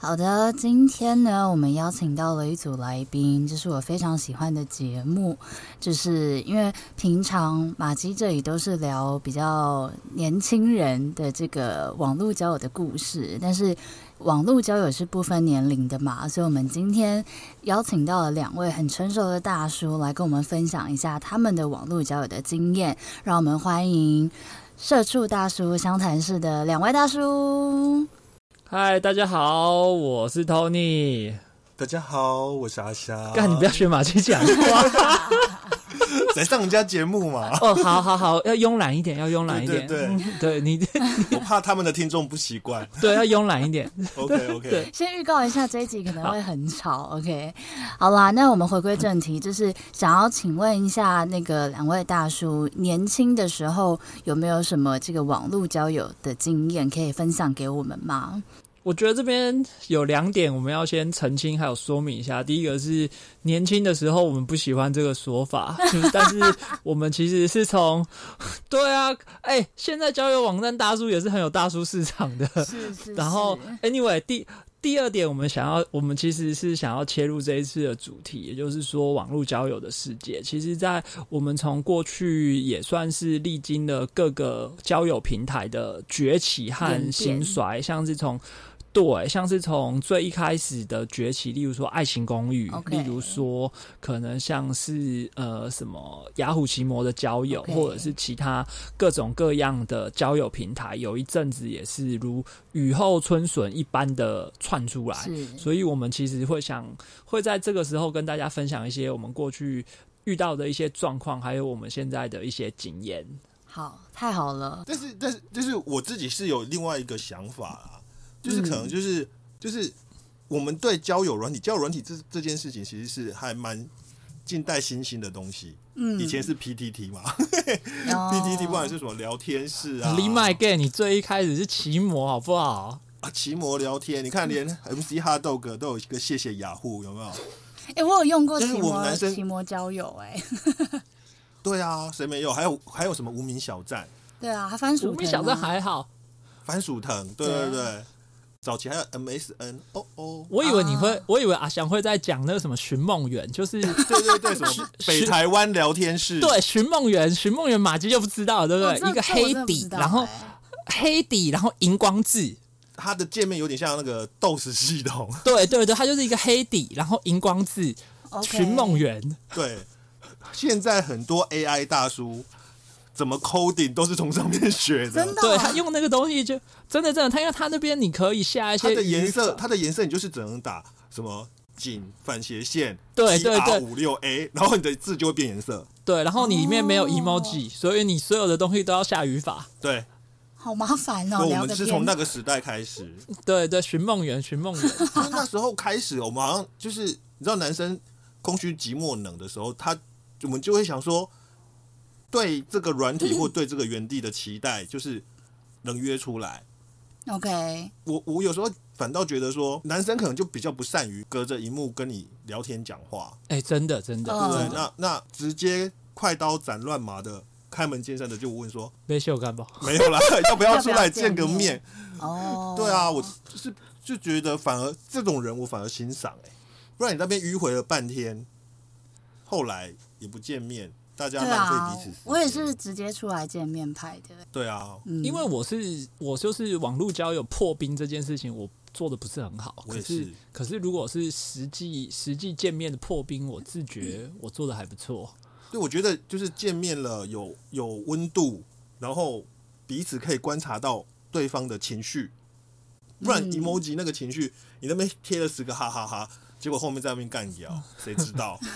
好的，今天呢，我們邀請到了一組來賓，這、就是我非常喜歡的節目，就是因為平常瑪姬這裡都是聊比較年輕人的這個網絡交友的故事，但是網絡交友是不分年齡的嘛，所以我們今天邀請到了兩位很成熟的大叔來跟我們分享一下他們的網絡交友的經驗，讓我們歡迎社畜大叔相談室的兩位大叔。嗨，大家好，我是 Tony。大家好，我是阿霞。那你不要學瑪姬講，來 上我們家節目嘛。哦，好好好，要慵懶一點，要慵懶一點。對，對，對，嗯，對你， 你，我怕他們的聽眾不習慣。對，要慵懶一點。 OK，OK，okay, okay。先預告一下，這一集可能會很吵。好 OK，好啦，那我們回歸正題，嗯，就是想要請問一下，那個兩位大叔年輕的時候有沒有什麼這個網絡交友的經驗可以分享給我們嗎？我覺得這邊有兩點我們要先澄清，還有說明一下。第一個是年輕的時候，我們不喜歡這個說法， 但是我們其實是從對啊，哎、欸，現在交友網站大叔也是很有大叔市場的。是是、是。然後，anyway，第第二點，我們想要，我們其實是想要切入這一次的主題，也就是說，網絡交友的世界。其實，在我們從過去也算是歷經了各個交友平台的崛起和興衰，像是從。對，像是從最一開始的崛起，例如說《愛情公寓》okay.，例如說可能像是呃什麼雅虎奇摩的交友，okay. 或者是其他各種各樣的交友平台，有一陣子也是如雨後春筍一般的竄出來。所以，我們其實會想會在這個時候跟大家分享一些我們過去遇到的一些狀況，還有我們現在的一些經驗。好，太好了。但是，但是，就是我自己是有另外一個想法啊。就是可能就是，嗯、就是我們對交友軟體、交友軟體這這件事情，其實是還蠻近代新興的東西。嗯，以前是 PTT 嘛，哦、 ，PTT 不管是什麼聊天室啊 l i g a 你最一開始是奇摩，好不好？啊，奇摩聊天，你看連 MC HotDog 都有一個謝謝雅虎，有沒有？哎、欸，我有用過，就是我們男生奇摩交友、欸，哎， 對啊，誰沒有？還有還有什麼無名小站？對啊，他番薯無、啊、名小站還好，番薯藤，對對對。對啊早期還有 MSN。哦哦，我以為你會，我以為阿翔會在講那個什麼尋夢園，就是 對對對，什麼北台灣聊天室，對，尋夢園，尋夢園瑪姬就不知道，對不對、啊？一個黑底，然後黑底，然後熒光字，它的界面有點像那個 DOS 系統。對對對，它就是一個黑底，然後熒光字，尋夢園，okay. 對，現在很多 AI 大叔。怎麼摳頂都是從上面學的，真的、喔，真對他用那個東西就真的真的，他因為他那邊你可以下一些他的顏色，它的顏色你就是只能打什麼井反斜線，對對對，五六 a，然後你的字就會變顏色，對，然後你裡面沒有 emoji，、哦、所以你所有的東西都要下語法，對，好麻煩哦、喔。所以我們是從那個時代開始，對,對對，尋夢園，尋夢園因為那時候開始，我們好像就是你知道，男生空虛寂寞冷的時候，他我們就會想說。對這個軟體或對這個原地的期待、嗯，就是能約出來 okay。OK，我我有時候反倒覺得說，男生可能就比較不善於隔着熒幕跟你聊天講話、欸。哎，真的真的，對、嗯、那那直接快刀斬亂麻的開門見山的就問說：沒事，我幹吧？沒有啦，要不要出來見個面？ 要不要見面哦，對啊，我就是就覺得反而這種人我反而欣賞、欸、不然你那邊迂回了半天，後來也不見面。大家浪費彼此、啊，我也是直接出來見面拍的。對啊，嗯、因為我是我就是網路交友破冰這件事情，我做的不是很好。我也是，可是，可是如果是實際實際見面的破冰，我自覺我做的還不錯。對，我覺得就是見面了有有溫度，然後彼此可以觀察到對方的情緒，不然 emoji 那個情緒，你那邊貼了十個哈、哈哈哈，結果後面在那邊幹掉，誰、嗯、知道？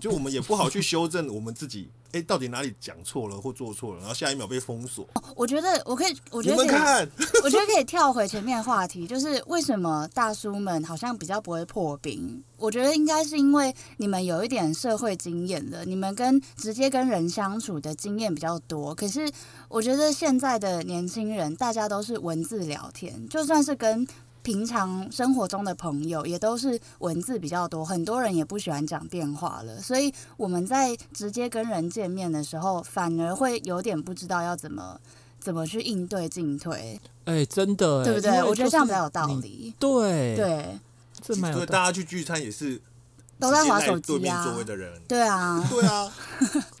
就我們也不好去修正我們自己，誒、欸、到底哪裡講錯了或做錯了，然後下一秒被封鎖。我覺得我可以，我覺得可以，你們看，我覺得可以跳回前面的話題，就是為什麼大叔們好像比較不會破冰？我覺得應該是因為你們有一點社會經驗的，你們跟直接跟人相處的經驗比較多。可是我覺得現在的年輕人，大家都是文字聊天，就算是跟。平常生活中的朋友也都是文字比較多，很多人也不喜歡講電話了，所以我們在直接跟人見面的時候，反而會有點不知道要怎麼怎麼去應對進退。哎、欸，真的、欸，對不對、就是？我覺得這樣比較有道理。對對，這因為大家去聚餐也是都在玩手機啊，周圍的人。對啊，對啊，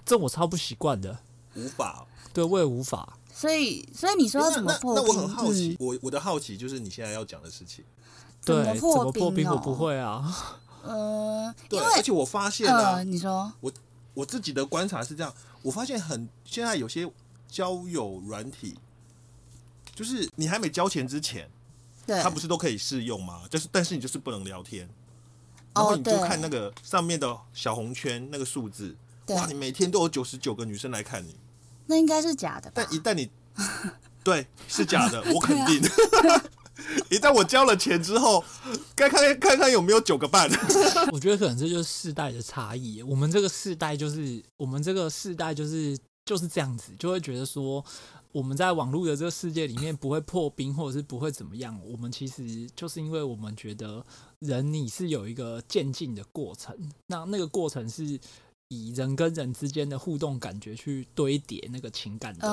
這我超不習慣的，無法。對，我也無法。所以，所以你說要怎麼破冰？欸、那，那，那我很好奇，嗯、我我的好奇就是你現在要講的事情，對，怎麼破冰、哦？我不會啊。嗯、呃，對，而且我發現了、啊呃，你說我我自己的觀察是這樣，我發現很現在有些交友軟體，就是你還沒交錢之前，對，它不是都可以試用嗎？就是但是你就是不能聊天，然後你就看那個上面的小紅圈那個數字，哇，你每天都有九十九個女生來看你。那應該是假的吧？但一旦你，對，是假的， 我肯定。 一旦我交了錢之後，該看看，看看有沒有九個半 我覺得可能這就是世代的差異。我們這個世代就是，我們這個世代就是就是這樣子，就會覺得說，我們在網絡的這個世界裡面不會破冰，或者是不會怎麼樣。我們其實就是因為我們覺得人你是有一個漸進的過程，那那個過程是。以人跟人之間的互動感覺去堆疊那個情感的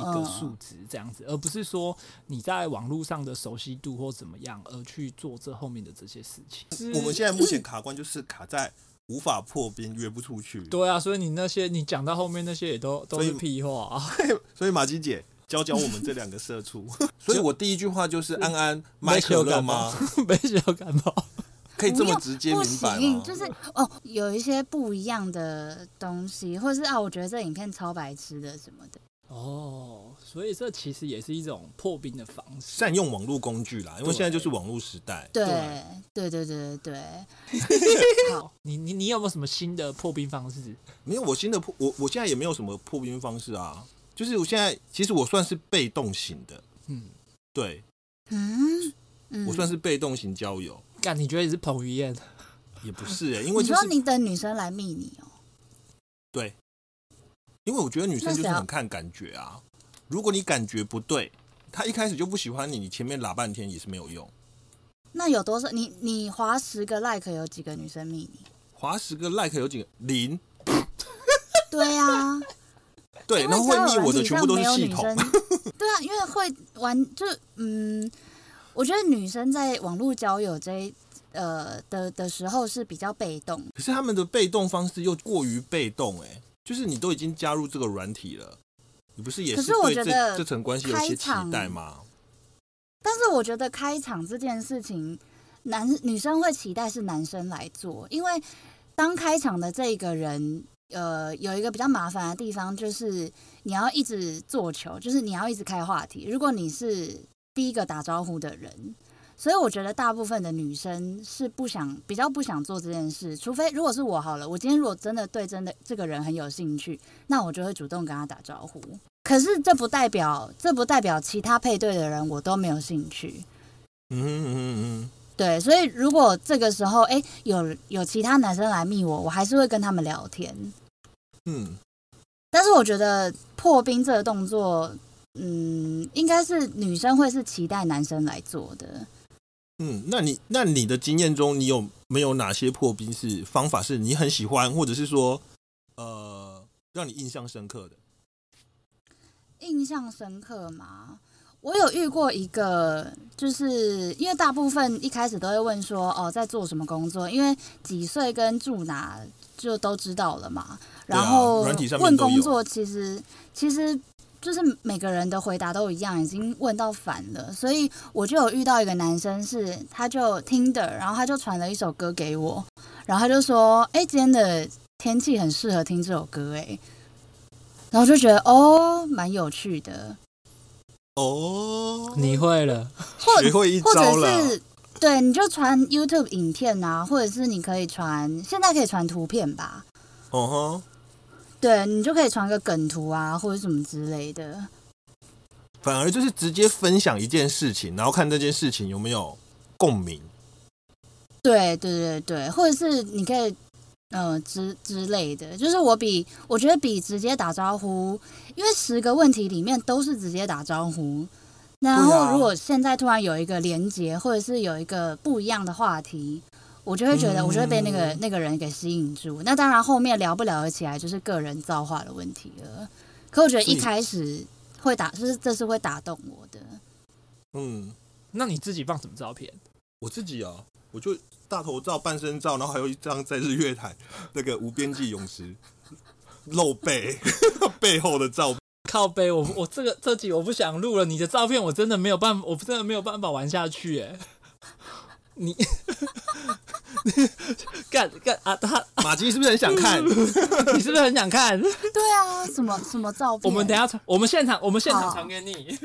一個數值，這樣子，而不是說你在網絡上的熟悉度或怎麼樣而去做這後面的這些事情。我們現在目前卡關就是卡在無法破冰，約不出去。對啊，所以你那些你講到後面那些也都都是屁話啊所。所以瑪姬姐教教我們這兩個社畜。 所以我第一句話就是安安，麥克，幹嘛？ 沒有感冒。可以這麼直接不明白嗎？就是哦，有一些不一樣的東西，或是啊，我覺得這影片超白痴的什麼的。哦，所以這其實也是一種破冰的方式。善用網絡工具啦，因為現在就是網絡時代對對對，對對對對對對。 好，你你你有沒有什麼新的破冰方式？沒有，我新的破，我我現在也沒有什麼破冰方式啊。就是我現在其實我算是被動型的。嗯，對。嗯，我算是被動型交友。你覺得也是彭於晏的？也不是、欸，因為你要你等女生來密你哦。對，因為我覺得女生就是很看感覺啊。如果你感覺不對，她一開始就不喜歡你，你前面拉半天也是沒有用、like 有。那有多少？你你滑十個 like 有幾個女生密你？滑十個 like 有幾個？零。對呀、啊， 對，那會密我的全部都是系統對啊，因為會玩就是嗯。我覺得女生在網絡交友這呃的的時候是比較被動，可是他們的被動方式又過於被動哎，就是你都已經加入這個軟體了，你不是也是對這這層關係有些期待嗎？但是我覺得開場這件事情，男女生會期待是男生來做，因為當開場的這一個人，呃，有一個比較麻煩的地方就是你要一直做球，就是你要一直開話題，如果你是。第一個打招呼的人，所以我覺得大部分的女生是不想比較不想做這件事，除非如果是我好了，我今天如果真的對真的這個人很有興趣，那我就會主動跟他打招呼。可是這不代表這不代表其他配對的人我都沒有興趣，嗯哼嗯哼嗯，對，所以如果這個時候哎、欸、有有其他男生來密我，我還是會跟他們聊天，嗯，但是我覺得破冰這個動作。嗯，應該是女生會是期待男生來做的。嗯，那你那你的經驗中，你有沒有哪些破冰是方法是你很喜歡，或者是說呃讓你印象深刻的？印象深刻嗎？我有遇過一個，就是因為大部分一開始都會問說哦，在做什麼工作？因為幾歲跟住哪就都知道了嘛。然後、啊、問工作其實，其實其實。就是每個人的回答都一樣，已經問到煩了，所以我就有遇到一個男生是，是他就聽的，然後他就傳了一首歌給我，然後他就說：“哎、欸，今天的天氣很適合聽這首歌，哎。”然後就覺得哦，蠻有趣的。哦、oh，你會了，或會一招了。對，你就傳 YouTube 影片啊，或者是你可以傳，現在可以傳圖片吧。哦哈。對，你就可以傳個梗圖啊，或者什麼之類的。反而就是直接分享一件事情，然後看這件事情有沒有共鳴。對對對對，或者是你可以，嗯、呃，之之類的，就是我比我覺得比直接打招呼，因為十個問題裡面都是直接打招呼。然後如果現在突然有一個連接，或者是有一個不一樣的話題。我就會覺得，我就會被那個、嗯、那個人給吸引住。那當然，後面聊不聊得起來就是個人造化的問題了。可我覺得一開始會打，就是，是這是會打動我的。嗯，那你自己放什麼照片？我自己啊，我就大頭照、半身照，然後還有一張在日月潭那個無邊際泳池 露背 背後的照片。靠北，我我這個這集我不想錄了。你的照片我真的沒有辦法，我真的沒有辦法玩下去哎、欸。你 幹幹啊？他啊，瑪姬是不是很想看？ 你是不是很想看？對啊，什麼什麼照片？我們等一下傳，我們現場，我們現場傳給你。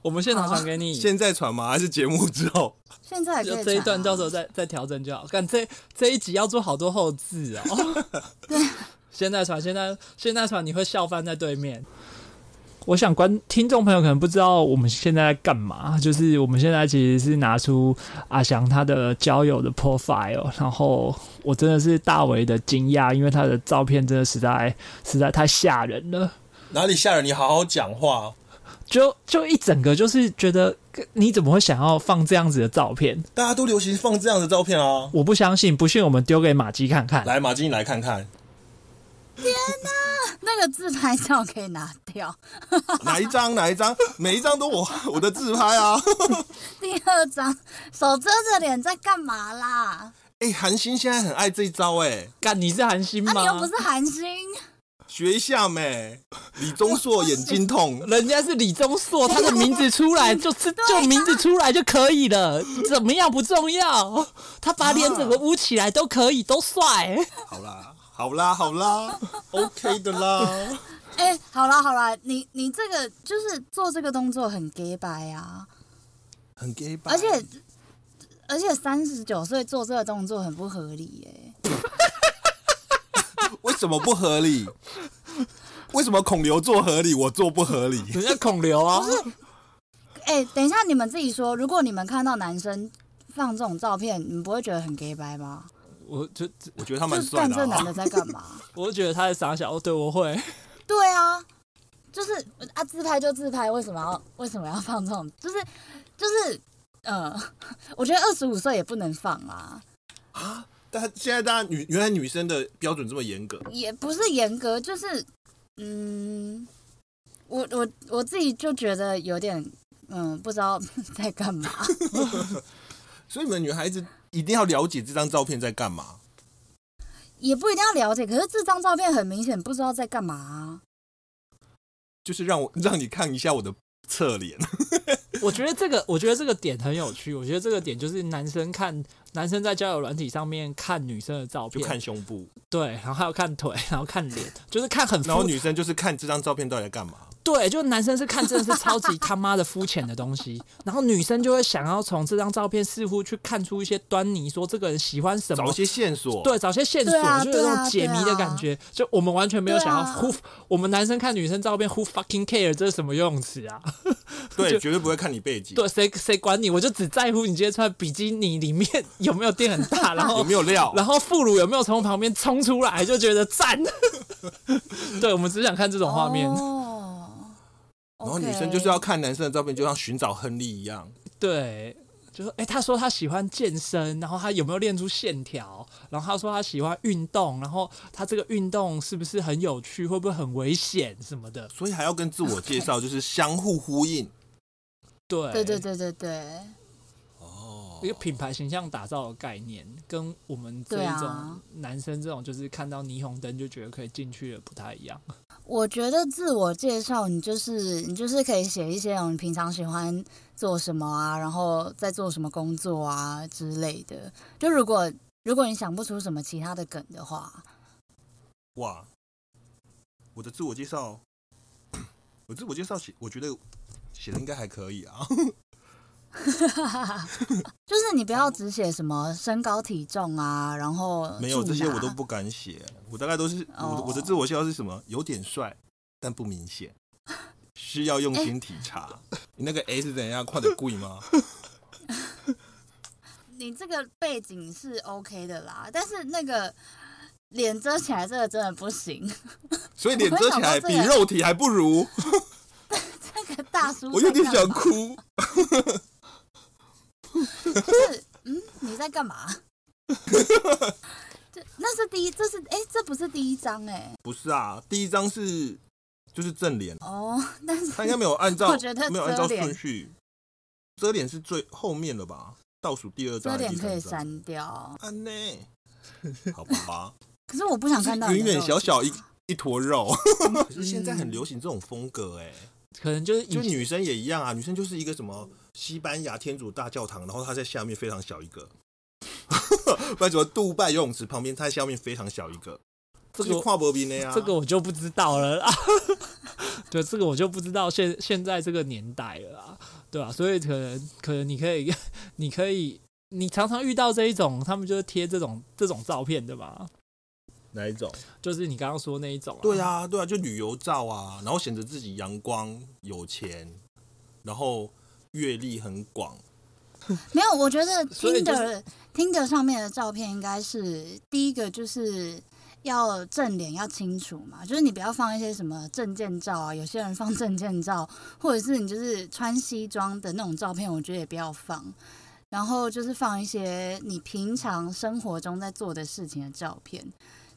我們現場傳給你。現在傳嗎？還是節目之後？現在可以，啊，就這一段到時候再再調整就好。幹這一這一集要做好多後製哦，喔。 對，現在傳，現在現在傳，你會笑翻在對面。我想，觀聽眾朋友可能不知道我們現在在幹嘛，就是我們現在其實是拿出阿翔他的交友的 profile，然後我真的是大為的驚訝，因為他的照片真的實在實在太嚇人了。哪裡嚇人？你好好講話，就就一整個就是覺得你怎麼會想要放這樣子的照片？大家都流行放這樣的照片啊！我不相信，不信我們丟給瑪姬看看。來，瑪姬，你來看看。天吶、啊，那個自拍照可以拿掉？ 哪一張？哪一張？每一張都我我的自拍啊！ 第二張，手遮着臉在幹嘛啦？哎、欸，韓星現在很愛這一招哎、欸，幹你是韓星嗎？那、啊、你又不是韓星，學一下唄。李鍾碩眼睛痛， 人家是李鍾碩， 他的名字出來就是 就，就名字出來就可以了， 怎麼樣不重要， 他把臉整個捂起來都可以，都帥、欸。好啦。好啦好啦 ，OK 的啦。哎、欸，好啦好啦，你你這個就是做這個動作很 gay 掰啊，很 gay 掰。而且而且三十九歲做這個動作很不合理耶、欸。 為什麼不合理？ 為什麼孔劉做合理，我做不合理？人家孔劉啊。不是，哎、欸，等一下，你們自己說，如果你們看到男生放這種照片，你們不會覺得很 gay 掰嗎？我就我覺得他蠻帥的。這男的在幹嘛啊？ 我覺得他在傻笑。哦，對我會。對啊，就是啊，自拍就自拍，為什麼要為什麼要放這種？就是就是，嗯，我覺得二十五歲也不能放啊。啊！但現在大家女原來女生的標準這麼嚴格，也不是嚴格，就是嗯，我我我自己就覺得有點嗯，不知道在幹嘛 。所以你們女孩子。一定要了解這張照片在幹嘛。也不一定要了解，可是這張照片很明顯，不知道在幹嘛啊。就是讓我讓你看一下我的側臉。 我覺得這個，我覺得這個點很有趣。我覺得這個點就是男生看男生在交友軟體上面看女生的照片，就看胸部。對，然後還有看腿，然後看臉，就是看很。然後女生就是看這張照片到底在幹嘛。對，就男生是看真的是超級他媽的膚淺的東西， 然後女生就會想要從這張照片似乎去看出一些端倪，說這個人喜歡什麼，找一些線索，對，找一些線索，對啊、就有那種解謎的感覺、啊啊。就我們完全沒有想要呼、啊，我們男生看女生照片呼 fucking care 這是什麼游泳池啊？對， 絕對不會看你背景，對，誰誰管你，我就只在乎你今天穿的比基尼裡面有沒有墊很大， 然後有沒有料，然後副乳有沒有從旁邊衝出來，就覺得讚。 對，我們只想看這種畫面。Oh. 然後女生就是要看男生的照片，就像尋找亨利一樣。對，就說，哎，他說他喜歡健身，然後他有沒有練出線條？然後他說他喜歡運動，然後他這個運動是不是很有趣？會不會很危險什麼的？所以還要跟自我介紹，就是相互呼應。對，對對對對對，對。一個品牌形象打造的概念，跟我們這種男生這種就是看到霓虹燈就覺得可以進去的不太一樣。我覺得自我介紹，你就是你就是可以寫一些，我們平常喜歡做什麼啊，然後在做什麼工作啊之類的。就如果如果你想不出什麼其他的梗的話，哇，我的自我介紹，我自我介紹寫，我覺得寫的應該還可以啊。 就是你不要只寫什麼身高體重啊， 然後沒有這些我都不敢寫。我大概都是我、oh. 我的自我介紹是什麼？有點帥，但不明顯，需要用心體察。欸、 你那個 S 是怎樣？快得貴嗎？ 你這個背景是 OK 的啦，但是那個臉遮起來這個真的不行。 所以臉遮起來比肉體還不如。 這個、 這個大叔，我有點想哭。 就是，嗯，你在幹嘛？這 那是第一，這是哎、欸，這不是第一張哎、欸，不是啊，第一張是就是正臉哦，但是他應該沒有按照沒有按照順序，遮臉是最後面的吧，倒數第二張還是第三張，遮臉可以刪掉，安、啊、內， 好吧， 可是我不想看到遠遠小小一一坨肉， 可是現在很流行這種風格哎、欸。可能就是就女生也一樣啊，女生就是一個什麼西班牙天主大教堂，然後她在下面非常小一個，為什麼杜拜游泳池旁邊它在下面非常小一個？這個跨博林的呀？這個我就不知道了啦。 對，這個我就不知道現現在這個年代了啦，對吧、啊？所以可能可能你可以你可以你常常遇到這一種，他們就是貼這種這種照片的吧？哪一種？就是你剛剛說那一種啊？對啊，對啊，就旅遊照啊，然後顯得自己陽光、有錢，然後閱歷很廣。 沒有，我覺得 Tinder Tinder 上面的照片應該是第一個，就是要正臉要清楚嘛，就是你不要放一些什麼證件照啊，有些人放證件照，或者是你就是穿西裝的那種照片，我覺得也不要放。然後就是放一些你平常生活中在做的事情的照片。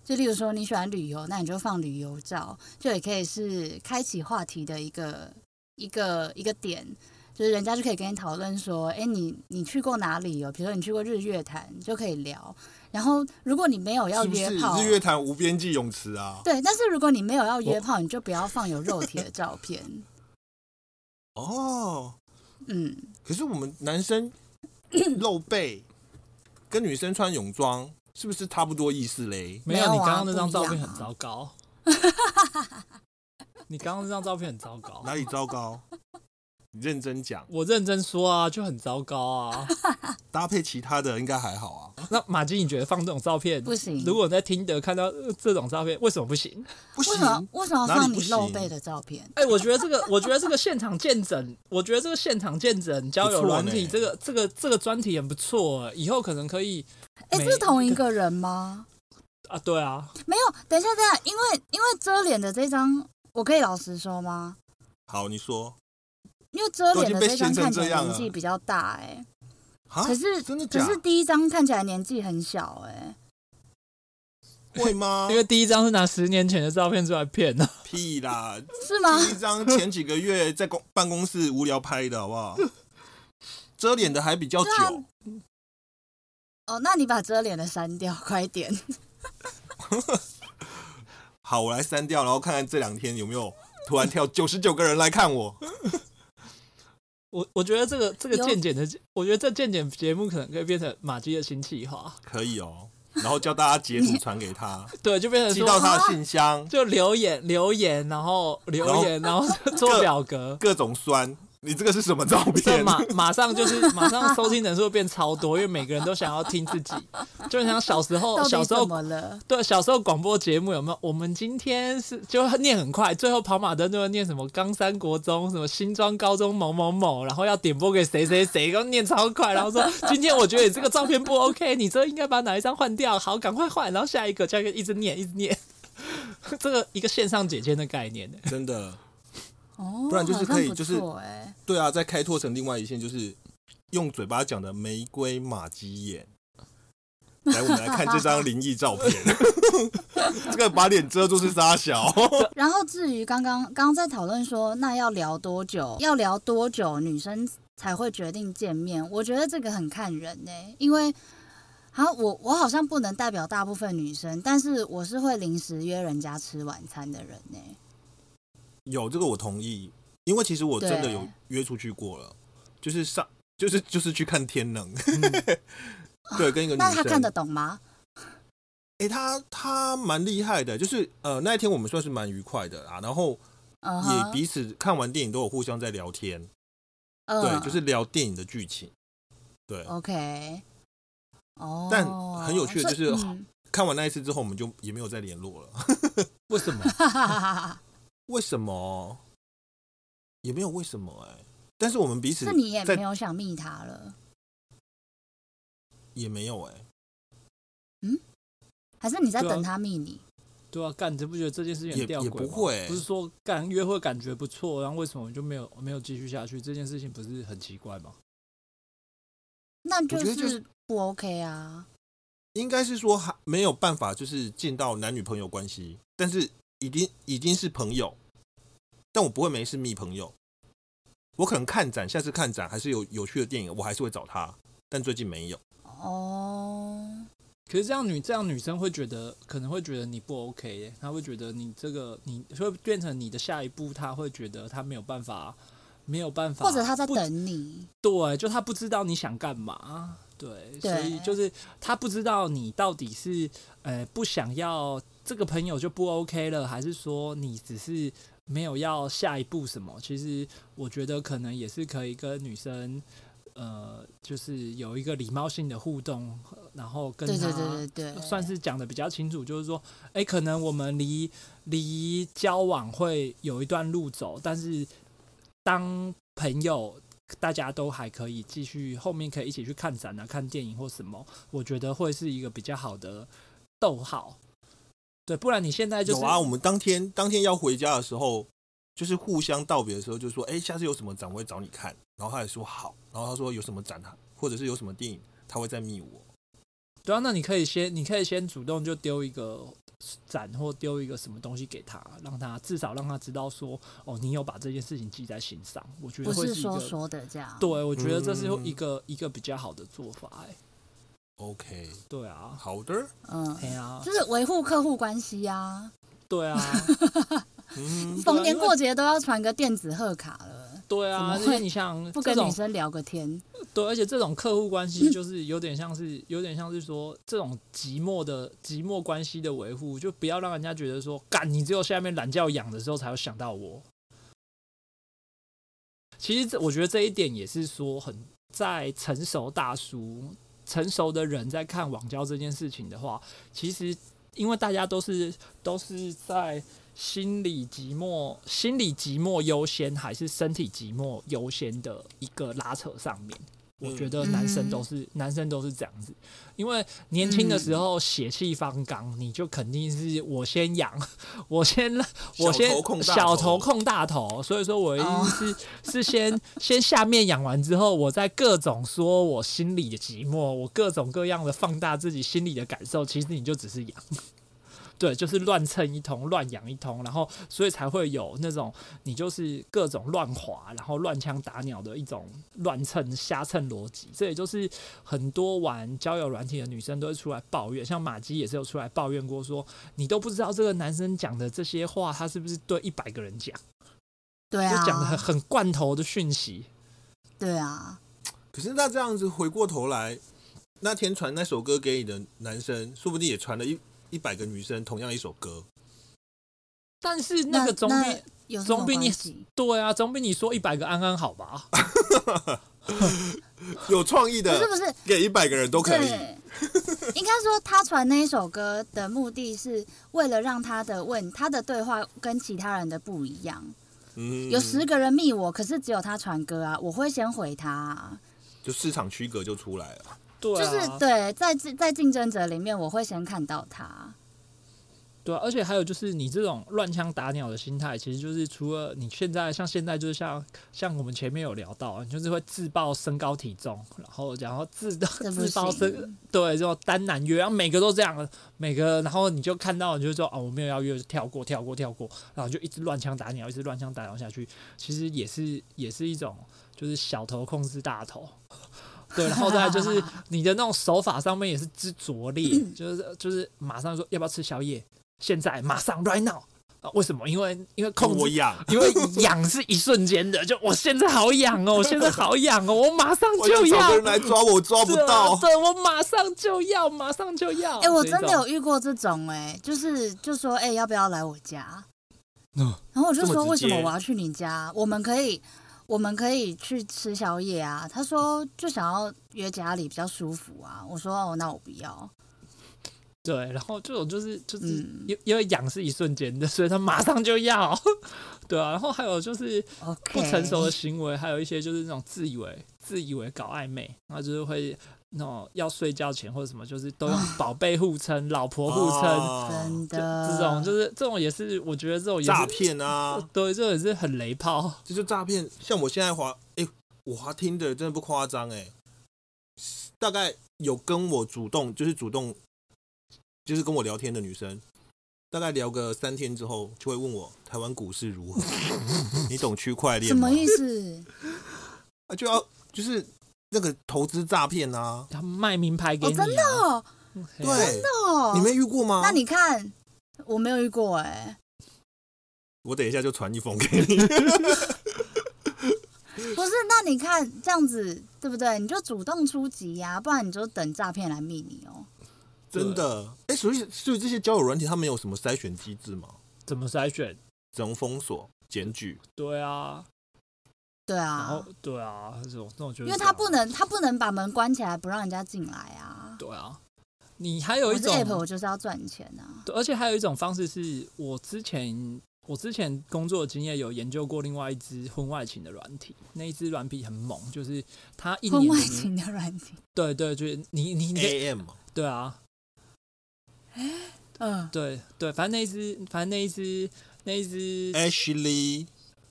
就例如說你喜歡旅遊，那你就放旅遊照，就也可以是開啟話題的一個一個一個點，就是人家就可以跟你討論說，哎，你你去過哪裡哦？比如說你去過日月潭，就可以聊。然後如果你沒有要約炮，是不是，日月潭無邊際泳池啊。對，但是如果你沒有要約炮，哦，你就不要放有肉體的照片。 哦，嗯。可是我們男生 露背，跟女生穿泳裝。是不是差不多意思嘞？沒有，你剛剛那張照片很糟糕。啊、你剛剛那張照片很糟糕， 哪裡糟糕？你認真講，我認真說啊，就很糟糕啊。 搭配其他的應該還好啊。那瑪姬，你覺得放這種照片不行？如果在 Tinder 看到這種照片，為什麼不行？不行？為什麼，為什麼要放你露背的照片？哎、欸，我覺得這個，我覺，這個 我覺得這個現場見證，我覺得這個現場見證交友軟體、欸，這個這個這個專題也不錯。以後可能可以。哎、欸，這是同一個人嗎？啊，對啊。沒有，等一下，這樣，因為因為遮臉的這張，我可以老實說嗎？好，你說。因為遮臉的這張看起來年紀比較大。哎、欸，可是可是第一張看起來年紀很小哎、欸，會嗎？因為第一張是拿十年前的照片出來騙的。屁啦， 是嗎？第一張前幾個月在公 辦公室無聊拍的好不好？ 遮臉的還比較久， 哦，那你把遮臉的刪掉，快點 ， 好，我來刪掉，然後看看這兩天有沒有突然跳九十九個人來看我。 我我覺得這個這個健檢的，我覺得這健檢節目可能可以變成瑪姬的新企劃。可以哦，然後叫大家截圖傳給他。 對，就變成寄到他的信箱，啊、就留言留言，然後留言， 然後，然後 做表格，各、各種酸。你這個是什麼照片？馬馬上就是馬上收聽人數變超多，因為每個人都想要聽自己。就像小時候小時候對，小時候廣播節目有沒有？我們今天是就念很快，最後跑馬燈都要念什麼剛三國中什麼新莊高中某某某，然後要點播給誰誰誰，然後念超快，然後說今天我覺得你這個照片不 OK，你這應該把哪一張換掉？好，趕快換，然後下一個，下一個一直念一直念。 這個一個線上解籤的概念呢？真的。Oh, 不然就是可以、欸，就是對啊，再開拓成另外一線，就是用嘴巴講的玫瑰瑪姬眼，來我們來看這張靈異照片。 這個把臉遮住是沙小 。然後至於剛剛剛在討論說，那要聊多久？要聊多久女生才會決定見面？我覺得這個很看人呢、欸。因為好，我我好像不能代表大部分女生，但是我是會臨時約人家吃晚餐的人呢、欸。有這個我同意，因為其實我真的有約出去過了，就是上就是就是去看天能， 對，跟一個女生。那他看得懂嗎？哎、欸，他他蠻厲害的，就是呃那一天我們算是蠻愉快的啊，然後也彼此看完電影都有互相在聊天，uh-huh. 對，uh-huh. 就是聊電影的劇情，對，OK，oh, 但很有趣的，就是、嗯、看完那一次之後，我們就也沒有再聯絡了， 為什麼？ 為什麼？也沒有為什麼哎、欸，但是我們彼此是你也沒有想密他了，也沒有哎、欸，嗯，還是你在等他密你？對啊，幹、啊、你不覺得這件事情很吊詭也，也不會、欸？不是說干約會感覺不錯，然後為什麼就沒有沒有繼續下去？這件事情不是很奇怪嗎？那就是、就是、不 OK 啊，應該是說還沒有辦法，就是進到男女朋友關係，但是。已經已經是朋友，但我不會沒事密朋友。我可能看展，下次看展還是有有趣的電影，我還是會找他。但最近沒有。哦，可是這樣女這樣女生會覺得，可能會覺得你不 OK 欸，她會覺得你這個你會變成你的下一步，她會覺得她沒有辦法，沒有辦法，或者她在等你。對，就她不知道你想幹嘛，對。對，所以就是她不知道你到底是呃不想要。這個朋友就不 OK 了，還是說你只是沒有要下一步什麼？其實我覺得可能也是可以跟女生，呃，就是有一個禮貌性的互動，然後跟她對對對對對，算是講得比較清楚，就是說，哎，可能我們離離交往會有一段路走，但是當朋友，大家都還可以繼續後面可以一起去看展啊、看電影或什麼，我覺得會是一個比較好的逗號。對，不然你現在就是啊。我們當天當天要回家的時候，就是互相道別的時候，就說：“哎，下次有什麼展我會找你看。”然後他也說：“好。”然後他說：“有什麼展，或者是有什麼電影，他會再密我。”對啊，那你可以先，你可以先主動就丟一個展或丟一個什麼東西給他，讓他至少讓他知道說：“哦，你有把這件事情記在心上。”我覺得會是不是說說的這樣。對，我覺得這是一個、嗯、一個比較好的做法、欸。哎。OK，對啊，好的，嗯，對啊，就是維護客戶關係呀、啊。對啊， 逢年過節都要傳個電子賀卡了。對啊，而且你像不跟女生聊個天，對，而且這種客戶關係就是有點像是、嗯、有點像是說這種寂寞的寂寞關係的維護，就不要讓人家覺得說，幹你只有下面懶覺癢的時候才有想到我。其實這我覺得這一點也是說很在成熟大叔。成熟的人在看網交這件事情的話，其實因為大家都是都是在心理寂寞、心理寂寞優先，還是身體寂寞優先的一個拉扯上面。我覺得男生都是男生都是這樣子，因為年輕的時候血氣方剛，你就肯定是我先養，我先我先小頭控大頭，所以說我一定是是先先下面養完之後，我再各種說我心裡的寂寞，我各種各樣的放大自己心裡的感受，其實你就只是養。對，就是亂蹭一通，亂養一通，然後所以才會有那種你就是各種亂滑，然後亂槍打鳥的一種亂蹭瞎蹭邏輯。這也就是很多玩交友軟體的女生都會出來抱怨，像瑪姬也是有出來抱怨過說，說你都不知道這個男生講的這些話，他是不是對一百個人講？對啊，就講的很，很罐頭的訊息。對啊，可是那這樣子，回過頭來那天傳那首歌給你的男生，說不定也傳了一。一百個女生同樣一首歌，但是那個總比總比你對啊，總比你說一百個安安好吧。 有創意的不是不是，給一百個人都可以 應該說他傳那一首歌的目的是為了讓他的問他的對話跟其他人的不一樣。嗯，有十個人密我，可是只有他傳歌啊，我會先回他。就市場區隔就出來了。對啊、就是對，在在競爭者裡面，我會先看到他。對、啊、而且還有就是，你這種亂槍打鳥的心態，其實就是除了你現在，像現在就是像像我們前面有聊到，你就是會自爆身高體重，然後然後自自爆身，對，就單男約，每個都這樣，每個然後你就看到你就說哦、啊，我沒有要約，就跳過，跳過，跳過，然後就一直亂槍打鳥，一直亂槍打鳥下去，其實也是也是一種，就是小頭控制大頭。對，然後再就是你的那種手法上面也是之拙劣。 就是就是馬上說要不要吃宵夜，現在馬上 right now 啊？為什麼？因為因為控制我癢，因為癢是一瞬間的， 就我現在好癢哦、喔，我 現在好癢哦、喔，我馬上就要。有 人來抓我，我抓不到的，我馬上就要，馬上就要。哎、欸，我真的有遇過這種、欸，哎，就是就說，哎、欸，要不要來我家？嗯、然後我就說，為什麼我要去你家？我們可以。我們可以去吃宵夜啊，他說就想要約家裡比較舒服啊，我說哦，那我不要，對，然後這種就是就是因、嗯、因為癢是一瞬間的，所以他馬上就要， 對啊，然後還有就是不成熟的行為，Okay. 還有一些就是那種自以為自以為搞曖昧，他就是會。No, 要睡覺前或者什麼，就是都用寶貝互稱、啊、老婆互稱，啊、真的這種就是這種也是，我覺得這種詐騙啊，對，這也是很雷炮，就是詐騙。像我現在話哎，我、欸、華聽的真的不誇張，哎，大概有跟我主動就是主動就是跟我聊天的女生，大概聊個三天之後，就會問我台灣股市如何， 你懂區塊鏈嗎？什麼意思？ 啊，就要、啊、就是。那個投資詐騙啊，他賣名牌給你，啊，oh, 真的，okay. 對，真的，你沒遇過嗎？那你看，我沒有遇過，欸，哎，我等一下就傳一封給你 不是，那你看這樣子對不對？你就主動出擊呀，啊，不然你就等詐騙來密你哦，喔。真的，哎，欸，所以所以這些交友軟體它沒有什麼篩選機制嗎？怎麼篩選？只能封鎖、檢舉？對啊。對啊，然後對啊，因為他不能，他不能把門關起來不讓人家進來啊。對啊，你還有一種我，Apple，我就是要賺錢啊。對，而且還有一種方式是我之前我之前工作的經驗有研究過另外一支婚外情的軟體，那一支軟體很猛，就是他一年婚外情的軟體，對對，就是你你 AM，對啊，嗯，對對，反正那一支反正那一支那一支 Ashley。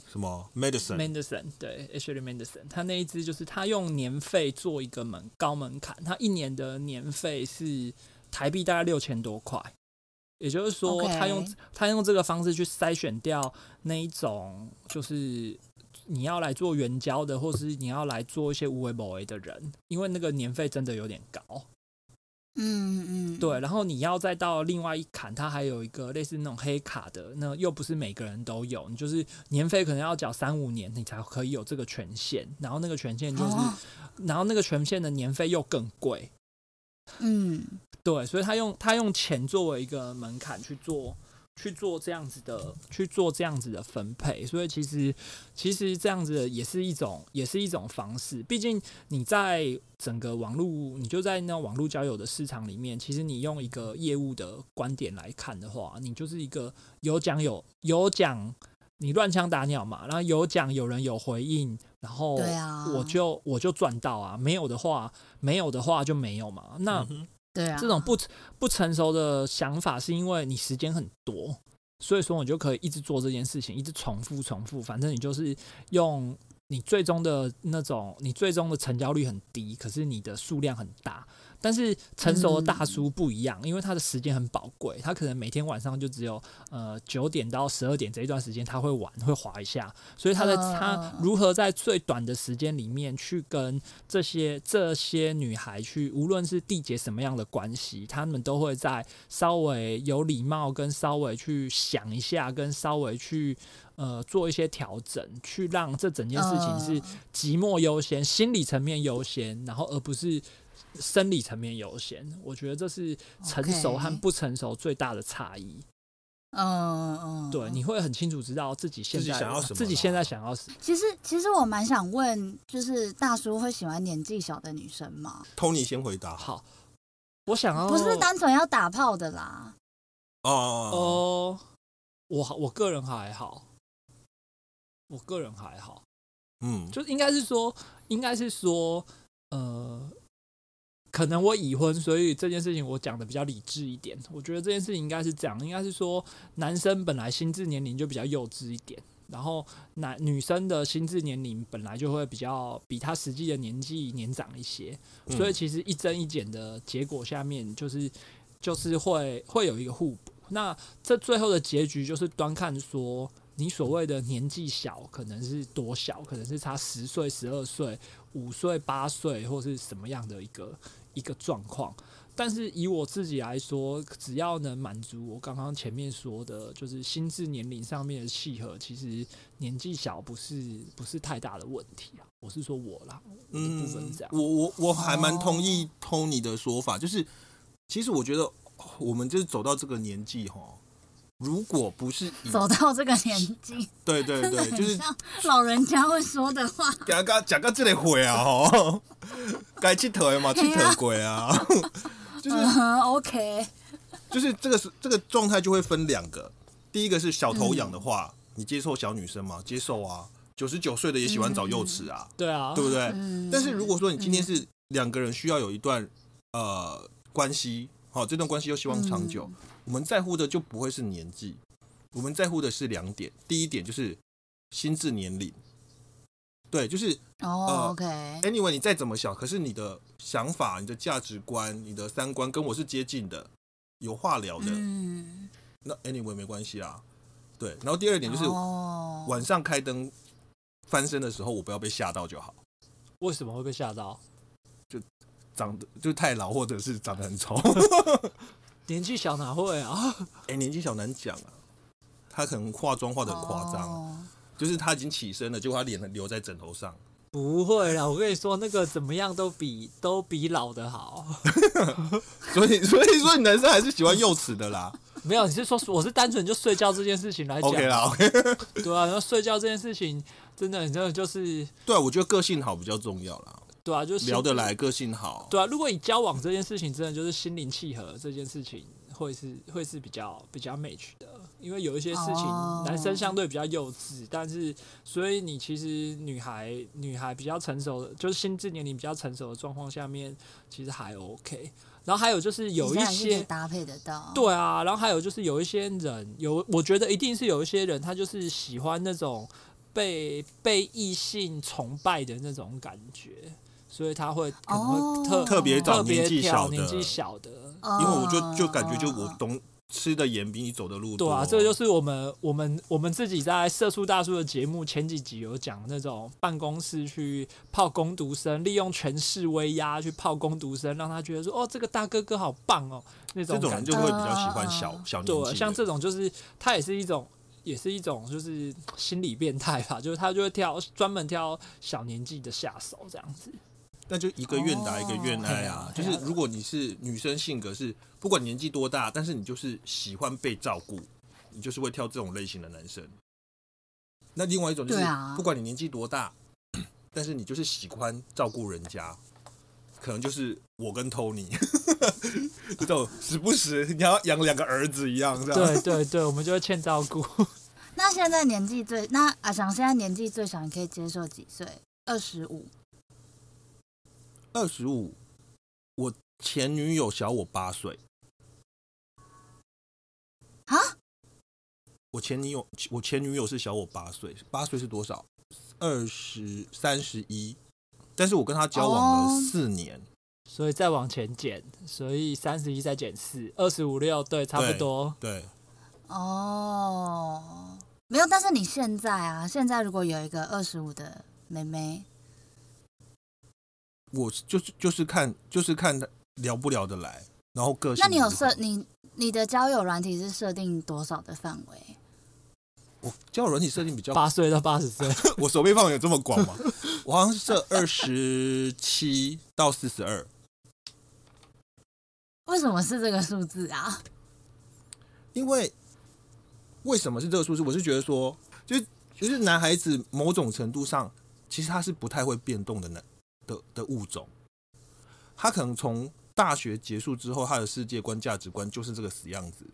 什麼 medicine medicine，對 actually medicine，他那一支就是他用年費做一個門高門檻，他一年的年費是台幣大概六千多塊，也就是說他用他、okay. 用這個方式去篩選掉那一種就是你要來做援交的，或是你要來做一些無為某為的人，因為那個年費真的有點高。嗯嗯，對，然後你要再到另外一階，它還有一個類似那種黑卡的，那又不是每個人都有，你就是年費可能要繳三五年，你才可以有這個權限，然後那個權限就是，哦、然後那個權限的年費又更貴，嗯，對，所以他用他用錢作為一個門檻去做。去做這樣子的，去做這樣子的分配，所以其實其實這樣子也是一種也是一種方式。畢竟你在整個網絡，你就在那網絡交友的市場裡面，其實你用一個業務的觀點來看的話，你就是一個有講有有講，你亂槍打鳥嘛，然後有講有人有回應，然後我就、對啊、我就賺到啊，沒有的話沒有的話就沒有嘛，那。嗯對啊，這種不不成熟的想法，是因為你時間很多，所以說，我就可以一直做這件事情，一直重複重複，反正你就是用你最終的那種，你最終的成交率很低，可是你的數量很大。但是成熟的大叔不一樣，嗯、因為他的時間很寶貴，他可能每天晚上就只有呃九點到十二點這一段時間他會玩，會滑一下，所以他的他如何在最短的時間裡面去跟這些這些女孩，去，無論是締結什麼樣的關係，他們都會在稍微有禮貌跟稍微去想一下，跟稍微去呃做一些調整，去讓這整件事情是寂寞優先，心理層面優先，然後而不是。生理層面有限，我覺得這是成熟和不成熟最大的差異。嗯、okay、嗯，對，你會很清楚知道自己現在自己想要什麼，啊，自己現在想要什麼。其實，其實我蠻想問，就是大叔會喜歡年紀小的女生嗎？Tony 先回答好，我想要不是單純要打炮的啦。哦、uh, 哦、呃，我我個人還好，我個人還好。嗯，就應該是說，應該是說，呃。可能我已婚，所以這件事情我講得比較理智一點。我覺得這件事情應該是這樣，應該是說男生本來心智年齡就比較幼稚一點，然後男女生的心智年齡本來就會比較比他實際的年紀年長一些、嗯，所以其實一增一減的結果下面就是就是會會有一個互補。那這最後的結局就是端看說你所謂的年紀小可能是多小，可能是差十歲、十二歲、五歲、八歲，或是什麼樣的一個。一個狀況，但是以我自己來說，只要能滿足我剛剛前面說的，就是心智年齡上面的契合，其實年紀小不是不是太大的問題啊。我是說我啦，嗯，部分是這樣。嗯、我我我還蠻同意 Tony 的說法，就是其實我覺得我們就是走到這個年紀哈。如果不是走到這個年紀，對對對，就是老人家會說的話。講、就是、到講到這裡毀啊！吼，該去腿嘛，去腿鬼啊！ 就是很 OK， 就是這個是 這個狀態就會分兩個。第一個是小頭癢的話、嗯，你接受小女生嘛？接受啊，九十九歲的也喜歡找幼齒啊、嗯，對啊，對不對、嗯？但是如果說你今天是兩個人需要有一段、嗯、呃關係。好，這段關係又希望長久，嗯，我們在乎的就不會是年紀，我們在乎的是兩點。第一點就是心智年齡，對，就是哦，呃，OK。Anyway，你再怎麼想，可是你的想法、你的價值觀、你的三觀跟我是接近的，有話聊的，嗯。那 Anyway 沒關係啊，對。然後第二點就是，哦，晚上開燈翻身的時候，我不要被嚇到就好。為什麼會被嚇到？長得就太老，或者是長得很醜， 年紀小哪會啊？哎、欸，年紀小難講啊，他可能化妝化得很誇張，就是他已經起身了，結果他臉留在枕頭上。不會啦，我跟你說，那個怎麼樣都比都比老的好。 所以所以你說，你男生還是喜歡幼齒的啦。 沒有，你是說我是單純就睡覺這件事情來講，對啊，然後睡覺這件事情，真、okay、的，真的就是，對啊，我覺得個性好比較重要啦。對啊，就是聊得來，個性好。對啊，如果你交往這件事情，真的就是心靈契合，這件事情，會是會是比較比較 match 的。因為有一些事情，男生相對比較幼稚，但是所以你其實女孩女孩比較成熟的，就是心智年齡比較成熟的狀況下面，其實還 OK。然後還有就是有一些搭配得到，對啊。然後還有就是有一些人，有我覺得一定是有一些人，他就是喜歡那種被被異性崇拜的那種感覺。所以他會可能會特、oh, 特別找年紀小的，年紀小的，oh, 因為我就就感覺就我懂吃的鹽比你走的路多。對啊，這個就是我們我們我們自己在社畜大叔的節目前幾集有講那種辦公室去泡工讀生，利用權勢威壓去泡工讀生，讓他覺得說哦，這個大哥哥好棒哦，那種感覺，這種人就會比較喜歡小小年紀、 啊，像這種就是他也是一種也是一種就是心理變態吧，就是他就會挑專門挑小年紀的下手這樣子。 那就一個願打一個願挨啊！就是如果你是女生，性格是不管年紀多大，但是你就是喜歡被照顧，你就是會挑這種類型的男生。那另外一種就是，不管你年紀多大，但是你就是喜歡照顧人家，可能就是我跟 Tony 這種時不時你要養兩個兒子一樣，這樣。對對對，我們就會欠照顧 。那現在年紀最，那阿翔現在年紀最小，你可以接受幾歲？二十五。二十五，我前女友小我八歲。啊？我前女友，我前女友是小我八歲，八歲是多少？二十三十一。但是我跟她交往了四年，oh. 所以再往前減，所以三十一再減四，二十五六，對，差不多。對。哦，oh. 沒有，但是你現在啊，現在如果有一個二十五的妹妹。我就是就是看就是看聊不聊得來，然後個性。那你有設你你的交友軟體是設定多少的範圍？我、哦、交友軟體設定比較八歲到八十歲。我守備範圍有這麼廣嗎？ 我好像是設二十七到四十二。為什麼是這個數字啊？因為為什麼是這個數字？我是覺得說，就是就是男孩子某種程度上，其實他是不太會變動的呢。的的物種，他可能從大學結束之後，他的世界觀、價值觀就是這個死樣子，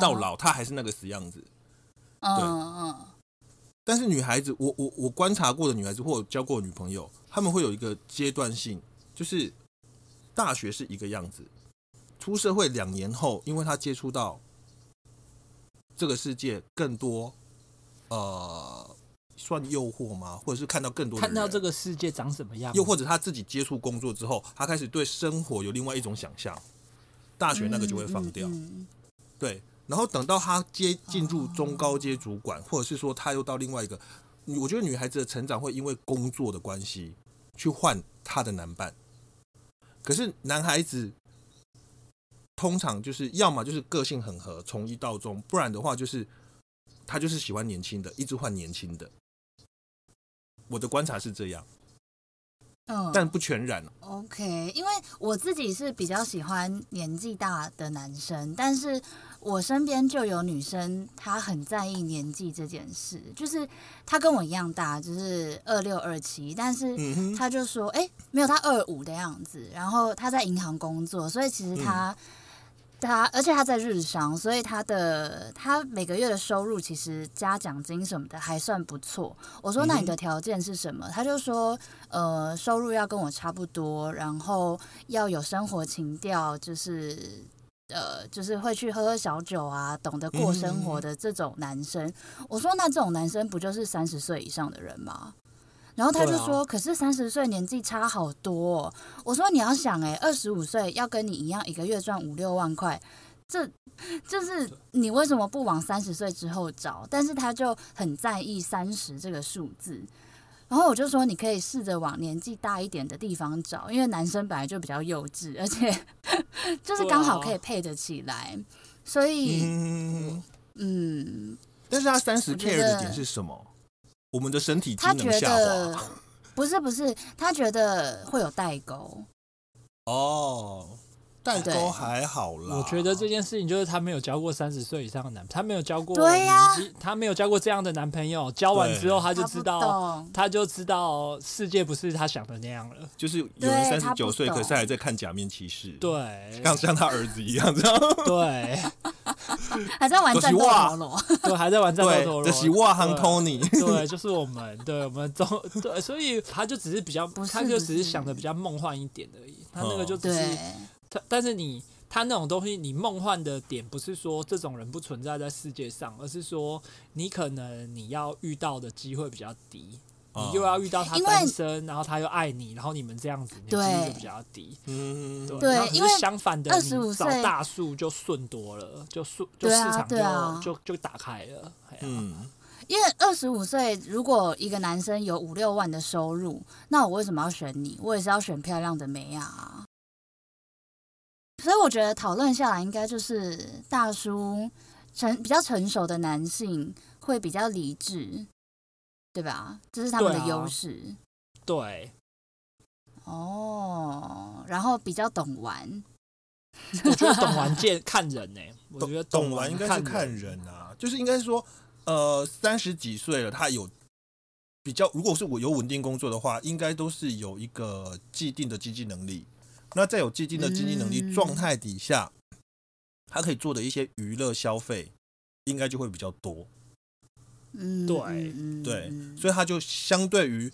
到老他還是那個死樣子，對，但是女孩子，我我我觀察過的女孩子，或交過女朋友，他們會有一個階段性，就是大學是一個樣子，出社會兩年後，因為他接觸到這個世界更多，呃。算誘惑嗎？或者是看到更多看到這個世界長什麼樣？又或者他自己接觸工作之後，他開始對生活有另外一種想象。大學那個就會放掉，對。然後等到他接進入中高階主管，或者是說他又到另外一個，我覺得女孩子的成長會因為工作的關係去換她的男伴。可是男孩子通常就是要麼就是個性很合，從一到終；不然的話，就是他就是喜歡年輕的，一直換年輕的。我的觀察是這樣，嗯，但不全然啊。OK，因為我自己是比較喜歡年紀大的男生，但是我身邊就有女生，她很在意年紀這件事，就是她跟我一樣大，就是二六二七，但是她就說，哎，嗯哼，欸，沒有，她二五的樣子。然後她在銀行工作，所以其實她。嗯他而且他在日商，所以他的他每個月的收入其實加獎金什麼的還算不錯。我說那你的條件是什麼？嗯、他就說呃收入要跟我差不多，然後要有生活情調，就是呃就是會去喝喝小酒啊，懂得過生活的這種男生。我說那這種男生不就是三十歲以上的人嗎？然後他就說：“可是三十歲年紀差好多喔。”我說：“你要想，哎，二十五歲要跟你一樣，一個月賺五六萬塊，這就是你為什麼不往三十歲之後找？但是他就很在意三十這個數字。然後我就說：你可以試着往年紀大一點的地方找，因為男生本來就比較幼稚，而且就是剛好可以配得起來。所以，嗯，但是他三十 care 的點是什麼？”我們的身體他覺得不是不是，他覺得會有代溝。哦。代溝還好啦。我覺得這件事情就是她沒有交過三十歲以上的男朋友，她沒有交過，對啊，她沒有交過這樣的男朋友。交完之後，她就知道，她就知道世界不是她想的那樣了。就是有人三十九歲，可是還在看假面騎士，對，像像他兒子一樣子，對, 對, 對，還在玩戰鬥陀螺。對，還在玩戰鬥陀螺洗襪亨托尼。對，就是我們， 對、就是、我們中，對，所以他就只是比較，他就只是想的比較夢幻一點而已。他那個就只是。但是你他那種東西，你夢幻的點不是說這種人不存在在世界上，而是說你可能你要遇到的機會比較低，哦，你又要遇到他單身，然後他又愛你，然後你們這樣子，對你機率就比較低。嗯、對，因為相反的，你找大叔就順多了，就順，就市場就、啊啊、就就打開了。嗯、啊，因為二十五歲，如果一個男生有五六萬的收入，那我為什麼要選你？我也是要選漂亮的梅雅啊。所以我覺得討論下來，應該就是大叔成比較成熟的男性會比較理智，對吧？這、就是他們的優勢、啊。對。哦，然後比較懂玩。我覺得懂玩界看人呢、欸， 我覺得懂玩應該是看人啊，就是應該說，呃，三十幾歲了，他有比較，如果是我有穩定工作的話，應該都是有一個既定的經濟能力。那在有基金的經濟能力狀態底下、嗯，他可以做的一些娛樂消費，應該就會比較多。嗯、對對、嗯，所以他就相對於，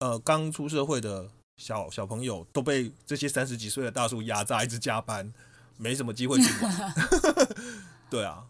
呃，剛出社會的小小朋友，都被這些三十幾歲的大叔壓榨，一直加班，沒什麼機會去玩。 對啊。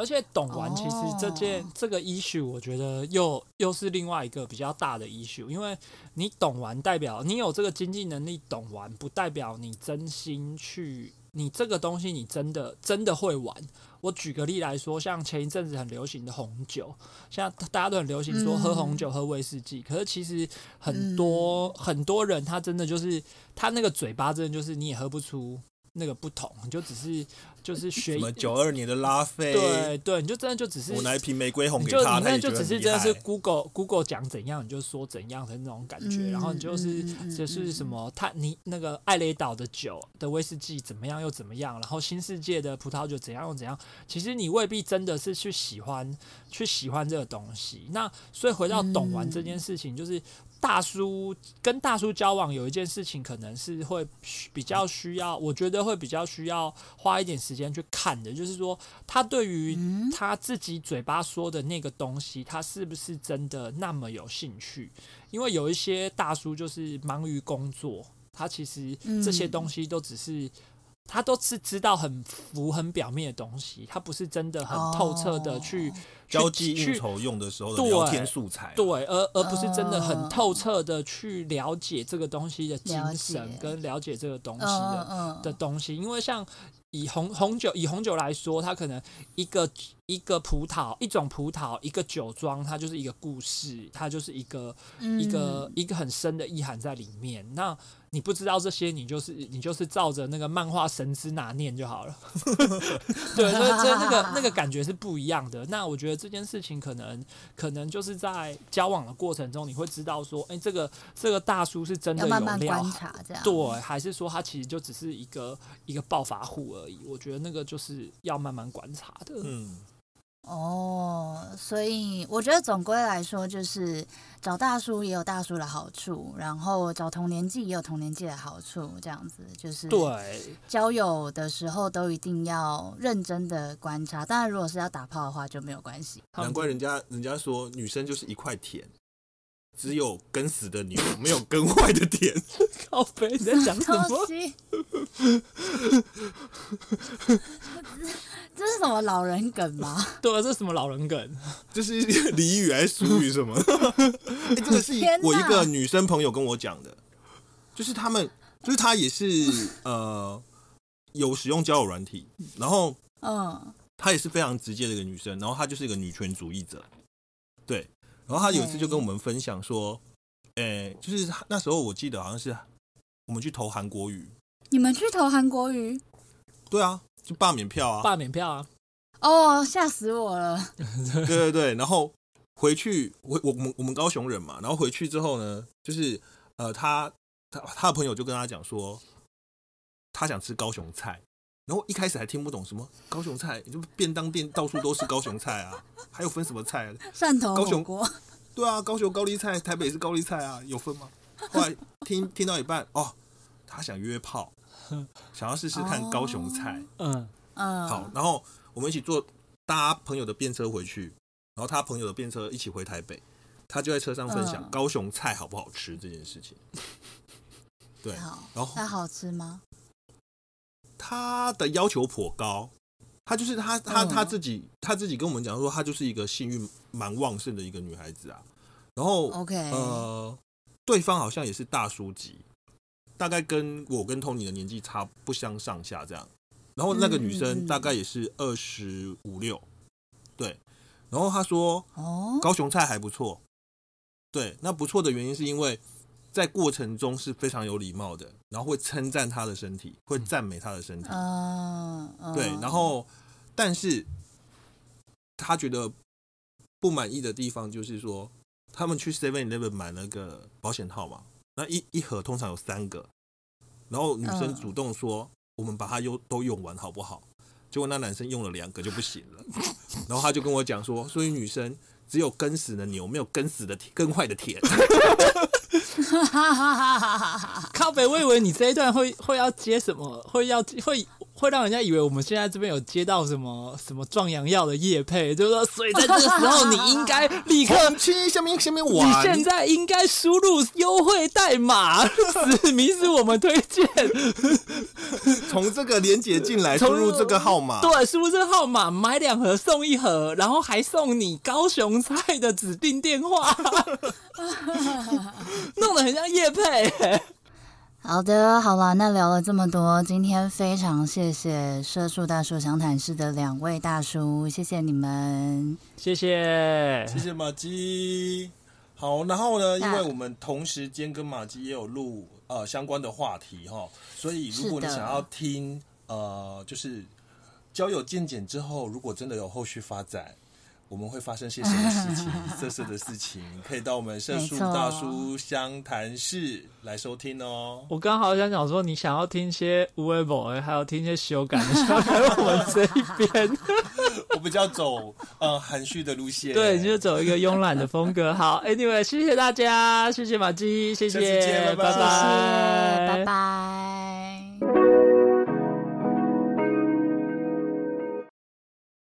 而且懂玩，其實這件這個 issue，我覺得又又是另外一個比較大的 issue。因為你懂玩，代表你有這個經濟能力懂玩，不代表你真心去，你這個東西你真的真的會玩。我舉個例來說，像前一陣子很流行的紅酒，像大家都很流行說喝紅酒、喝威士忌，可是其實很多很多人他真的就是他那個嘴巴，真的就是你也喝不出。那個不同，你就只是就是學什麼、嗯、九二年的拉菲，對對，你就真的就只是我拿一瓶玫瑰紅給他，面就，就只是真的是 Google Google 講怎樣你就說怎樣的那種感覺，嗯、然後你就是、嗯嗯、就是什麼他你那個艾雷島的酒的威士忌怎麼樣又怎麼樣，然後新世界的葡萄酒怎樣又怎樣，其實你未必真的是去喜歡去喜歡這個東西，那所以回到懂玩這件事情就是。嗯大叔跟大叔交往有一件事情，可能是會比較需要，我覺得會比較需要花一點時間去看的，就是說他對於他自己嘴巴說的那個東西，他是不是真的那麼有興趣？因為有一些大叔就是忙於工作，他其實這些東西都只是。他都是知道很浮很表面的東西，他不是真的很透徹的去，、oh, 去交際應酬用的時候的聊天素材、啊，對，對，而而不是真的很透徹的去了解這個東西的精神，跟了解這個東西的的東西。Oh, uh. 因為像以紅紅酒以紅酒來說，它可能一個。一個葡萄，一種葡萄，一個酒莊，它就是一個故事，它就是一個一個、嗯、一個很深的意涵在裡面。那你不知道這些你、就是，你就是你就是照着那個漫畫神之拿念就好了。 對，所以這那個那個感覺是不一樣的。那我覺得這件事情可能可能就是在交往的過程中，你會知道說，哎、欸，這個這個大叔是真的有料，沒有慢慢觀察，對，還是說他其實就只是一個一個暴發戶而已？我覺得那個就是要慢慢觀察的。嗯。哦、Oh，所以我覺得總歸來說，就是找大叔也有大叔的好處，然後找同年紀也有同年紀的好處，這樣子就是對交友的時候都一定要認真的觀察。當然，如果是要打炮的話就沒有關係。難怪人家人家說女生就是一塊田。只有耕死的牛，沒有耕壞的田。 靠北你在講什麼？ 這是什麼老人梗嗎？對，這是什麼老人梗？這、就是俚語還是俗語？什麼 、欸？這是我一個女生朋友跟我講的，就是他們，就是她也是呃，有使用交友軟體，然後嗯，她也是非常直接的一個女生，然後她就是一個女權主義者，對。然後他有一次就跟我們分享說，呃、欸，就是那時候我記得好像是我們去投韓國瑜，你們去投韓國瑜？對啊，就罷免票啊，罷免票啊！哦，嚇死我了！ 對對對，然後回去，我我我們我們高雄人嘛，然後回去之後呢，就是呃，他他他的朋友就跟他講說，他想吃高雄菜。然後一開始還聽不懂什麼高雄菜，就便當店到處都是高雄菜啊，還有分什麼菜？汕頭、高雄鍋。對啊，高雄高麗菜，台北也是高麗菜啊，有分嗎？後來聽聽到一半，哦，他想約炮，想要試試看高雄菜。嗯、哦、嗯。好，然後我們一起坐搭朋友的便車回去，然後他朋友的便車一起回台北，他就在車上分享高雄菜好不好吃這件事情。好對，然後它好吃嗎？他的要求頗高，他就是他，他他自己，他自己跟我們講說，他就是一個性慾蠻旺盛的一個女孩子啊。然後，OK，呃，對方好像也是大叔級，大概跟我跟 Tony 的年紀差不多，不相上下這樣。然後那個女生大概也是25，嗯嗯嗯二十五六，對。然後他說，哦，高雄菜還不錯，對，那不錯的原因是因為。在過程中是非常有禮貌的，然後會稱讚他的身體，會讚美他的身體。啊、嗯，對，然後，但是他覺得不滿意的地方就是說，他們去 Seven Eleven 買了個保險套嘛，那一一盒通常有三個，然後女生主動說，嗯、我們把它用都用完好不好？結果那男生用了兩個就不行了， 然後他就跟我講說，所以女生只有跟死的牛，沒有跟死的跟壞的田。 哈哈哈！哈哈哈！哈靠北，我以為你這一段會會要接什麼？會要會。會讓人家以為我們現在這邊有接到什麼什麼壯陽藥的業配，就是說，所以在這個時候你應該立刻去下面下面玩，你現在應該輸入優惠代碼，指明是我們推薦，從這個連結進來，輸入這個號碼，對，輸入這個號碼，買兩盒送一盒，然後還送你高雄菜的指定電話，弄得很像業配，欸。好的，好了，那聊了這麼多，今天非常謝謝社畜大叔相談室的兩位大叔，謝謝你們，謝謝， 謝謝瑪姬。好，然後呢，因為我們同時間跟瑪姬也有錄呃相關的話題齁，所以如果你想要聽呃，就是交友見解之後，如果真的有後續發展。我們會發生些什麼事情？色色的事情，可以到我們社畜大叔相談室來收聽哦。我剛好想講說，你想要聽一些無為波，還有聽一些修改的時候反，我們這邊我比較走呃含蓄的路線，對，你就走一個慵懶的風格。好，Anyway，謝謝大家，謝謝瑪姬，謝謝，拜拜，拜拜。